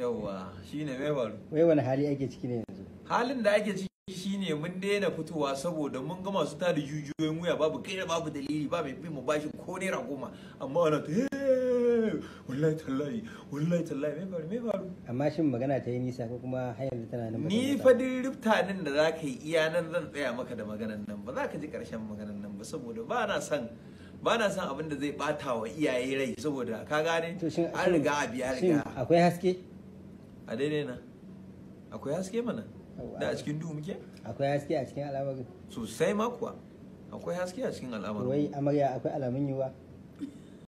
yawwa shine mai baro. wai wani hali ake ciki ne yanzu halin da ake ciki shine mun daina fitowa saboda mun ga masu tada jujuyoyin wuya babu kai babu dalili ba mai bin mu bashin ko naira goma amma wannan ta wallahi tallahi wallahi tallahi mai faru mai faru amma shin magana ta yi nisa ko kuma har yanzu tana nan ni fa dirifta nan da zaka yi iya nan zan tsaya maka da maganan nan ba za ka ji karshen maganan nan ba saboda ba na son ba na son abin da zai bata wa iyaye rai saboda ka gane an riga a biya riga akwai haske a daidai na akwai haske mana da a cikin duhu muke akwai haske a cikin al'amarin sosai makuwa akwai haske a cikin al'amarin wai amarya akwai alamun yiwuwa